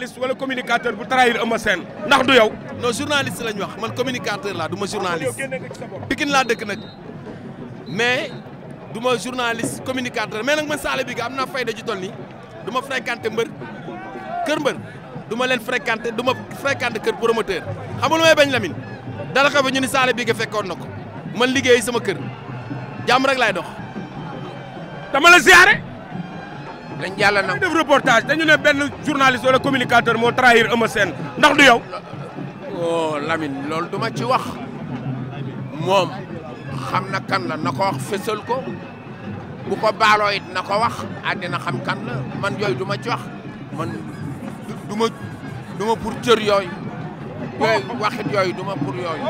journaliste wala communicateur bu trahir Eumeu Sène ndax du yow. non journaliste lañ wax man communicateur laa du ma journaliste Pikine laa dëkk nag mais du ma journaliste communicateur mais nag man saale bi am naa fayda ju toll nii du ma fréquenté mbër kër mbër duma leen fréquenté du ma fréquenté kër promoteur xam nga lu may bañ Lamine dara xew ñu ni saale bi nga fekkoon na ko man liggéey sama kër jàmm rek laay dox dama la ziare. dañ yàlla nag def reportage dañu ne benn journaliste wala communicateur moo trahir Eumeu Sène ndax du yow. oh Lamine loolu duma ci wax moom xam na kan la na ko wax fésal ko bu ko baaloo it na ko wax àddina xam kan la man yooyu duma ma ci wax man du ma du ma pour cër yooyu yooyu waxit yooyu du ma pour yooyu.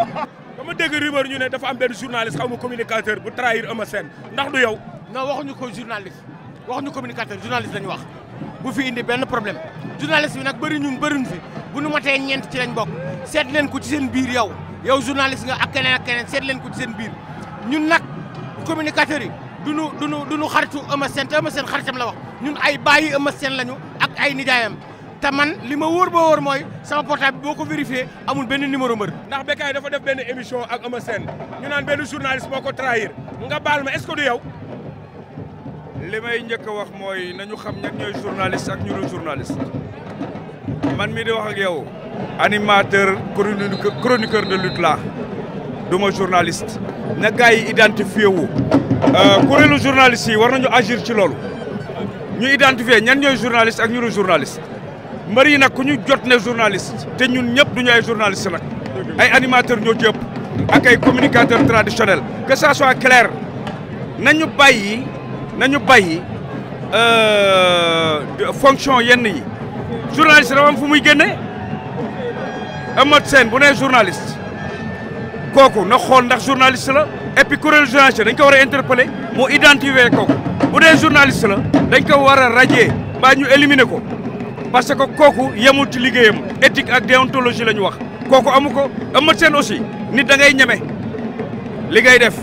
dama dégg rumeur ñu ne dafa am benn journaliste xaw ma communicateur bu trahir Eumeu Sène ndax du yow. non ñu ko journaliste. wax ñu communicateur journaliste lañu wax bu fi indi benn problème journaliste bi nag bëri ñun bëriñ fi bu nu matee ñeent ci lañ bokk seet leen ko ci seen biir yow yow journaliste nga ak keneen ak keneen seet leen ko ci seen biir ñun nag ñu yi duñu duñu duñu xaritu Eumeu Sène te Eumeu xaritam la wax ñun ay bàyyi Eumeu Sène lañu ak ay nijaayam te man li ma wóor ba wóor mooy sama portable bi boo ko vérifié amul benn numéro mbër. ndax Bécaye dafa def benn émission ak Eumeu Sène ñu naan benn journaliste moo ko trahir nga baal ma est-ce yow. li may njëkk a wax mooy nañu xam ñan ñooy journaliste ak ñu dul journaliste man mi di wax ak yow animateur chroniqueur de la du ma journaliste na gars yi identifié wu euh, kuréelu journaliste yi war nañu agir ci loolu ñu identifié ñan ñooy journaliste ak ñu dul journaliste mbër yi nag ku ñu jot ne journaliste te ñun ñëpp du ñu ay journaliste ay animateur ñoo ci ëpp ak ay communicateur traditionnel que ça soit nañu bàyyi nañu bàyyi euh, fonction yenn yi journaliste dafa am fu muy génne Amath Sène bu nee journaliste kooku na xool ndax journaliste la et puis kuréel journaliste dañ ko war a interpeller mu identifier ko bu dee journaliste la dañ ko war a radier mbaa ñu éliminer ko parce que kooku yemul ci liggéeyam éthique ak déontologie la ñu wax kooku amu ko Amath Sène aussi nit dangay ñeme li def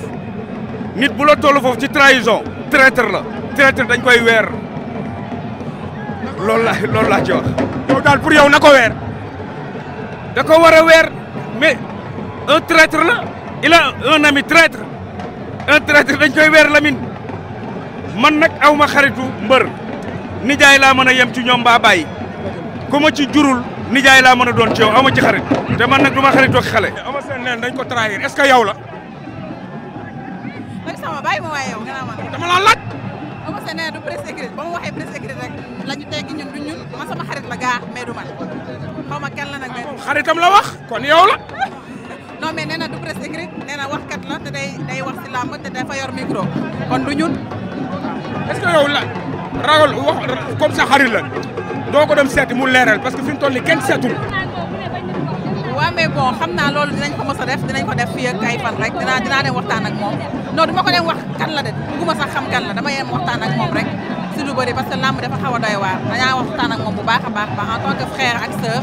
nit bu la toll foofu ci trahison traître la traître dañ koy weer loolu la loolu laa ci wax. yow daal pour yow na ko weer. da ko war a weer mais un traître la il a un ami traître un traître dañ koy weer Lamine man nag aw ma xaritu mbër nijaay laa man a yem ci ñoom baa baay ku ma ci jurul nijaay laa mën a doon ci yow aw ma ci xarit te man nag du ma xaritoo ak xale. dañ ko trahir es ce que yow la. bàyyi ma waaye yow nga naan ma. dama la laaj. ba mu waxee presse rek la ñu teggi ñun du ñun man sama xarit la gaa mais du man xaw ma la nag. xaritam la wax kon yow la. non mais du presse écrite nee na la te day day wax si làmb te dafa yor micro kon du ñun. est-ce que yow la ragal wax comme sa xarit la doo dem seeti mu leeral parce que fi mu toll nii kenn seetul. waaw mais bon xam naa dinañ ko mos def dinañ ko def fii ak ay rek dinaa dinaa dem waxtaan ak moom non du ko dem wax kan la sax xam kan la dama yem ak rek si lu bëri parce que làmb dafa xaw doy waar dañaa waxtaan ak moom bu baax en tant que frère ak sœur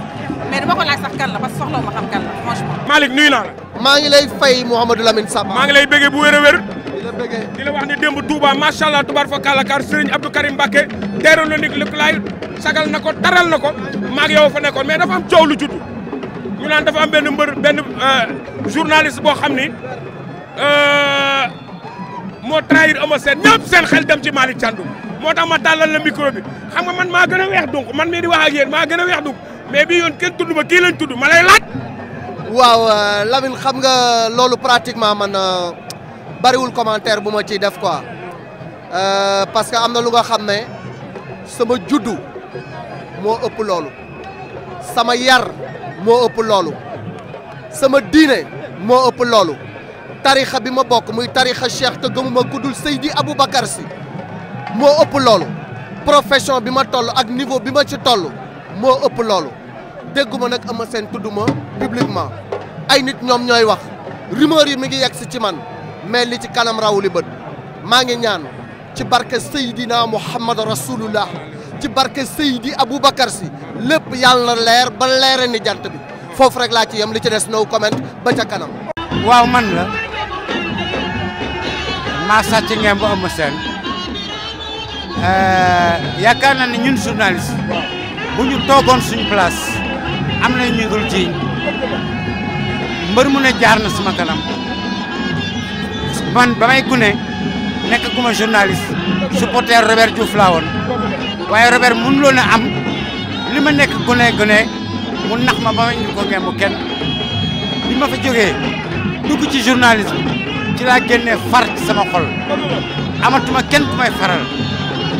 mais dama ko laaj sax kan la parce que soxlawu ma xam kan la franchement. Malick nuyu la. maa ngi lay fay Mouhamadou Lamine Samba. maa ngi lay bu wér. wax Touba allah tubaar fa kàlla kar Serigne Abdou Karim Mbacké teeru la nit lëkkalaay sagal na taral na ko yow fa mais dafa am lu ñu naan dafa am benn mbër benn euh, journaliste bo xamni euh mo trahir Eumeu sen ñëpp sen xel dem ci malik chandou motax ma tàllal le micro bi xam nga man ma gëna wéx donc man mi di wax ak yeen ma gëna wéx donc mais bi yoon kenn tuddu ma ki lañ tuddu malay lay laaj. waaw euh, Lamine xam nga lolu pratiquement man euh, wul commentaire buma ci def quoi parce que amna lu nga xamné sama juddu mo ëpp lolu sama yar. moo ëpp loolu sama diine moo ëpp loolu tarixa bi ma bokk muy tarixa cheikh te gëmuma kudul Seydi Aboubacar si moo ëpp loolu profession bi ma toll ak niveau bi ma ci toll moo ëpp loolu dégguma nag ama seen tudduma publiquement ay nit ñoom ñooy wax rumeur yi mi ngi yegg si ci man mais li ci kanam rawu li bët maa ngi ñaan ci barke Seydina Muhammad Rasulullah ci barke Seydi Aboubacar si lépp yàlla na leer ba leere ni jant bi foofu rek laa ci yem li ci des no comment ba ca kanam. waaw man la maa sàcc ngeen ba ëmm seen eh, yaakaar naa ne ñun journaliste bu ñu toogoon suñu place am na ñu dul jiiñ mbër mu ne jaar na sama kanam man ba may gune nekk kuma journaliste supporter Robert Diouf laa woon waaye Robert mënuloo na am. li ma nekk gone gone mu nax ma ba ma ñu ko kenn bi ma fa jógee dugg ci journalisme ci laa génnee far ci sama xol amatuma kenn ku may faral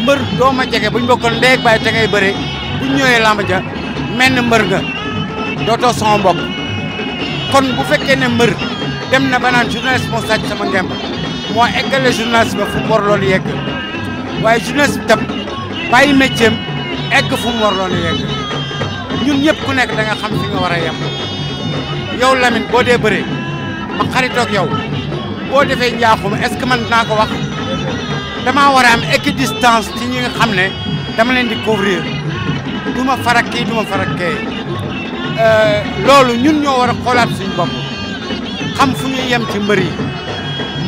mbër doo ma jege buñ bokkoon ndeeg bàyyi te ngay bëre buñ ñëwee làmb ja mel ne mbër nga dootoo sama mbokk kon bu fekkee ne mbër dem na ba naan journaliste moo sàcc sama ngemb moo ba fu mu war loolu yegg waaye journaliste bi tam bàyyi métier egg fu mu warloon yegg ñun ñëpp ku nekk da xam fi nga war a yem yow Lamine boo dee bëree ma xaritoog yow boo defee njaaxum est-ce que man naa ko wax damaa war a am équidistance ci ñi nga xam ne dama leen di couvrir du ma farak kii du ma farak kee euh, loolu ñun ñoo war a xoolaat suñ bopp xam fu ñuy yem ci mbër yi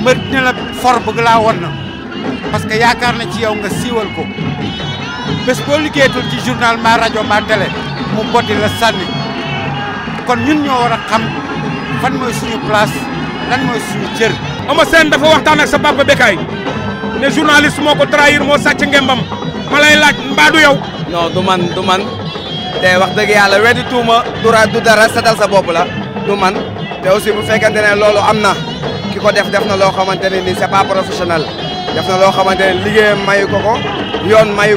mbër dina la for bëgg laa won na parce que yaakaar na ci yow nga siiwal ko bés boo liggéeyatul ci journal ma rajo ma télé mu botti la sànni kon ñun ñoo war a xam fan mooy suñu place lan mooy suñu cër. Ama dafa waxtaan ak sa papa Bécaye ne journaliste moo ko trahir moo sàcc ngembam ma lay laaj mbaa du yow. non du man du man te wax dëgg yàlla weddi tuuma dura du dara setal sa bopp la du te aussi bu fekkente ne loolu am na ki ko def def na loo xamante ne ni c'est pas professionnel def na loo xamante ne liggéeyam mayu ko ko yoon mayu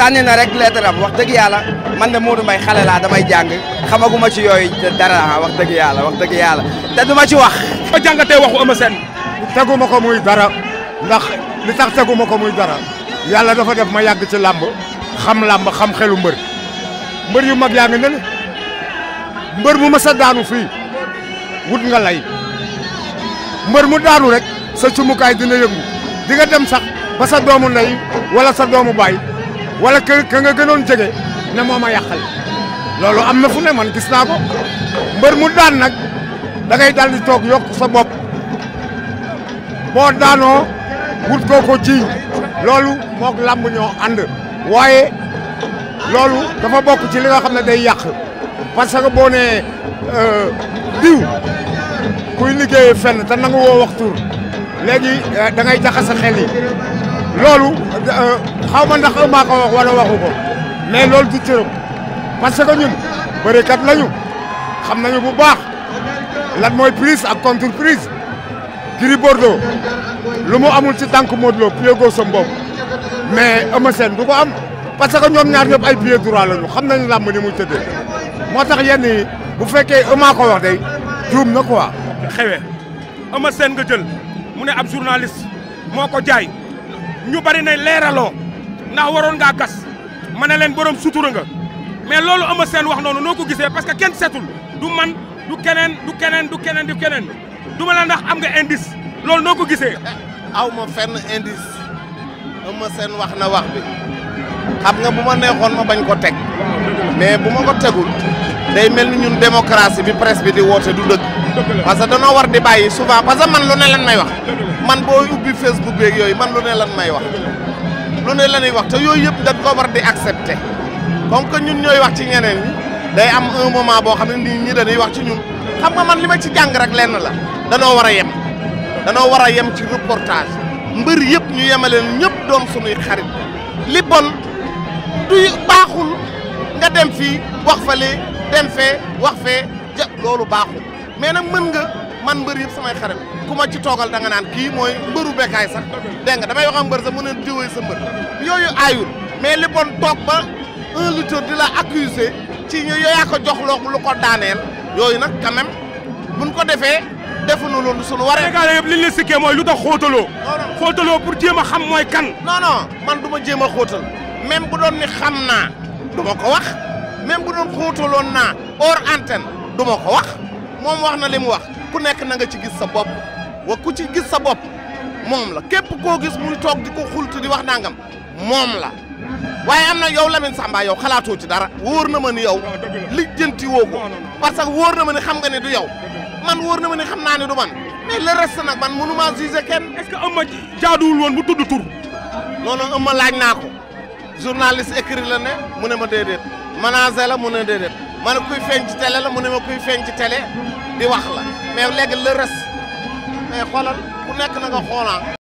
sànni na rek leetaram wax dëgg yàlla man de Modou Mbaye xale laa damay jàng xamaguma ci yooyu dara ah, wax dëgg yàlla wax dëgg yàlla te duma ci wax. ma jàngatee waxu Eumeu Sène. teguma ko muy dara ndax li tax teguma ko muy dara yàlla dafa def ma yàgg ci làmb xam làmb xam xelu mbër mbër yu mag yaa ngi ne mbër mu ma sa daanu fi wut nga lay mbër mu daanu rek sa cumukaay dina yëngu di nga dem sax ba sa doomu ndey wala sa doomu baay. wala ka ka nga gënoon jege ne moo ma yàqal loolu am na fu ne man gis naa ko mbër mu daan nag da ngay daal di toog yokk sa bopp boo daanoo wut koo ko jiiñ loolu moog làmb ñoo ànd waaye loolu dafa bokk ci li nga xam ne day yàq parce que boo nee euh, diw kuy liggéeyee fenn te nangu woo waxtu léegi euh, da ngay loolu xaw ma ndax maa ko wax waxu ko mais loolu du cëram parce que ñun bërekat lañu xam nañu bu baax lan mooy prise ak contre prise Gris Bordeaux lu mu amul ci tànk Modou Lo pied gauche am boobu mais am parce que ñoom ñaar ñëpp ay pied droit lañu xam nañu làmb ni muy tëddee moo tax yenn bu fekkee maa ko wax day juum na quoi. xewee Eumeu Sène nga jël mu ne ab journaliste moo ko jaay. ñu bari ne léralo ndax waron nga gas mané len borom sutura nga mais lolu ama sen wax nonu noko gisé parce que kenn seetul du man du kenen du kenen du kenen du kenen du ma la ndax am nga indice lolu noko gisé eh, awma fenn indice ama sen wax na wax bi xam nga buma ma ma bañ ko tek mais buma ko tegul day melni ñun démocratie bi presse bi di woté du deug parce que dañu war di bayyi souvent parce que man lu ne lan may wax. man booy ubbi Facebook beeg yooyu man lu ne lan may wax lu ne lanuy wax te yooyu yëpp dañ ko war di accepter comme que ñun ñooy wax ci ñeneen day am un moment boo xam ni nit ñi dañuy wax ci ñun xam nga man li ma ci jàng rek lenn la danoo war a yem danoo war a yem ci reportage mbër yëpp ñu yemaleen ñëpp doon sunuy xarit li bon du baaxul nga dem fi wax fa lee dem fee wax fee ja loolu baaxul mais nag mën nga man mbër yëpp samay xarit ku ma ci toogal da nga naan kii mooy mbëru bekkaay sax dégg nga damay wax ak mbër sax mu ne diwee sa mbër yooyu aayul mais li bon toog ba un lutteur di la accusé ci ñu yaa ko jox loo lu ko daaneel yooyu nag quand même ko defee defuñu loolu suñu waree. Sénégalais yëpp li ñu la sikkee mooy lu tax xóotaloo. xóotaloo pour jéem a xam mooy kan. non man du ma jéem a xóotal même bu doon ni xam naa du ma ko wax même bu doon xóotaloon naa hors antenne ko wax wax na li mu wax. ku nekk na nga ci gis sa bopp wa ku ci gis sa bopp moom la képp koo gis muy toog di ko xultu di wax nangam moom la waaye am na yow Lamine Samba yow xalaatoo ci dara wóor na ma ni yow lijjanti woo ko parce que wóor na ma ni xam nga ne du yow man wóor na ma ni xam naa ne du man mais le reste nag man mënu maa juger kenn. est-ce que Eumeu jaaduwul woon bu tudd tur. non non laaj naa ko journaliste écrit la ne mu ne ma déedéet manager la mu ne déedéet ma ne kuy feeñ ci télé la mu ne ma kuy feeñ ci télé wax la. mais léegi le reste mais xoolal ku nekk na nga xoolaa